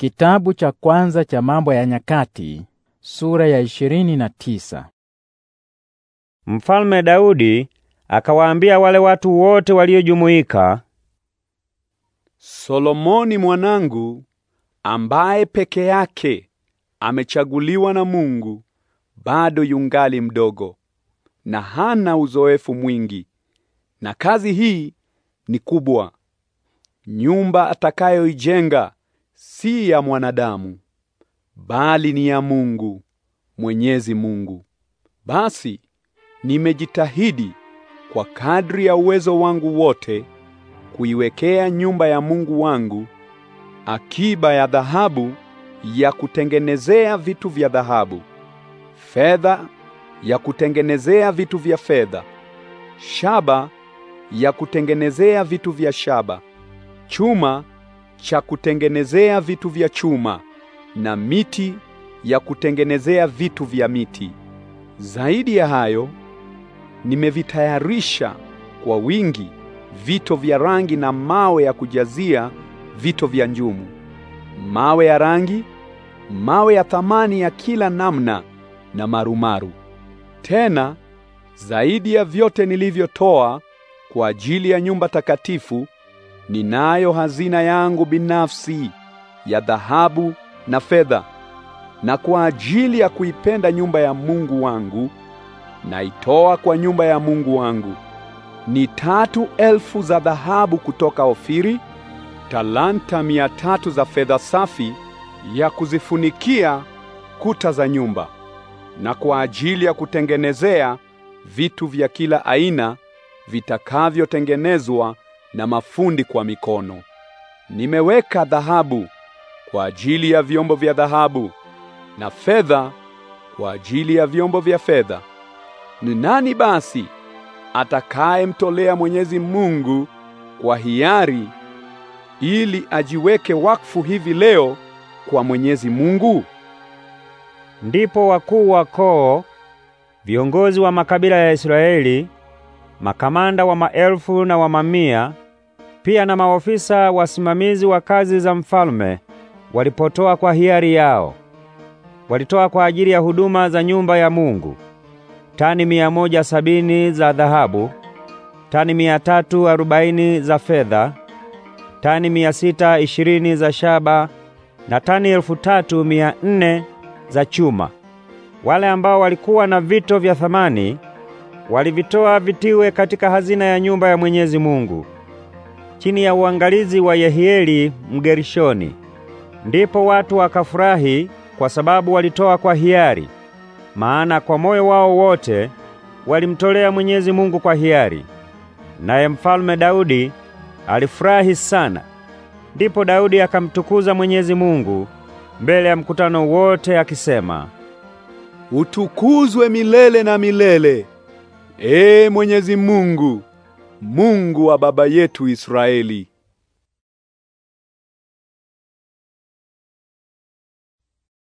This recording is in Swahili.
Kitabu cha kwanza cha Mambo ya Nyakati sura ya ishirini na tisa. Mfalme Daudi akawaambia wale watu wote waliojumuika, Solomoni mwanangu ambaye peke yake amechaguliwa na Mungu bado yungali mdogo na hana uzoefu mwingi, na kazi hii ni kubwa. Nyumba atakayoijenga si ya mwanadamu, bali ni ya Mungu Mwenyezi Mungu. Basi nimejitahidi kwa kadri ya uwezo wangu wote kuiwekea nyumba ya Mungu wangu akiba ya dhahabu ya kutengenezea vitu vya dhahabu, fedha ya kutengenezea vitu vya fedha, shaba ya kutengenezea vitu vya shaba, chuma cha kutengenezea vitu vya chuma na miti ya kutengenezea vitu vya miti. Zaidi ya hayo, nimevitayarisha kwa wingi vito vya rangi na mawe ya kujazia vito vya njumu, mawe ya rangi, mawe ya thamani ya kila namna na marumaru. Tena zaidi ya vyote nilivyotoa kwa ajili ya nyumba takatifu Ninayo hazina yangu binafsi ya dhahabu na fedha, na kwa ajili ya kuipenda nyumba ya Mungu wangu naitoa kwa nyumba ya Mungu wangu ni tatu elfu za dhahabu kutoka Ofiri, talanta mia tatu za fedha safi ya kuzifunikia kuta za nyumba, na kwa ajili ya kutengenezea vitu vya kila aina vitakavyotengenezwa na mafundi kwa mikono. Nimeweka dhahabu kwa ajili ya vyombo vya dhahabu na fedha kwa ajili ya vyombo vya fedha. Ni nani basi atakayemtolea Mwenyezi Mungu kwa hiari ili ajiweke wakfu hivi leo kwa Mwenyezi Mungu? Ndipo wakuu wa koo, viongozi wa makabila ya Israeli makamanda wa maelfu na wa mamia, pia na maofisa wasimamizi wa kazi za mfalme walipotoa kwa hiari yao. Walitoa kwa ajili ya huduma za nyumba ya Mungu tani mia moja sabini za dhahabu, tani mia tatu arobaini za fedha, tani mia sita ishirini za shaba na tani elfu tatu mia nne za chuma. Wale ambao walikuwa na vito vya thamani walivitoa vitiwe katika hazina ya nyumba ya Mwenyezi Mungu chini ya uangalizi wa Yehieli Mgerishoni. Ndipo watu wakafurahi kwa sababu walitoa kwa hiari, maana kwa moyo wao wote walimtolea Mwenyezi Mungu kwa hiari. Naye mfalme Daudi alifurahi sana. Ndipo Daudi akamtukuza Mwenyezi Mungu mbele ya mkutano wote akisema, utukuzwe milele na milele Ee Mwenyezi Mungu, Mungu wa baba yetu Israeli.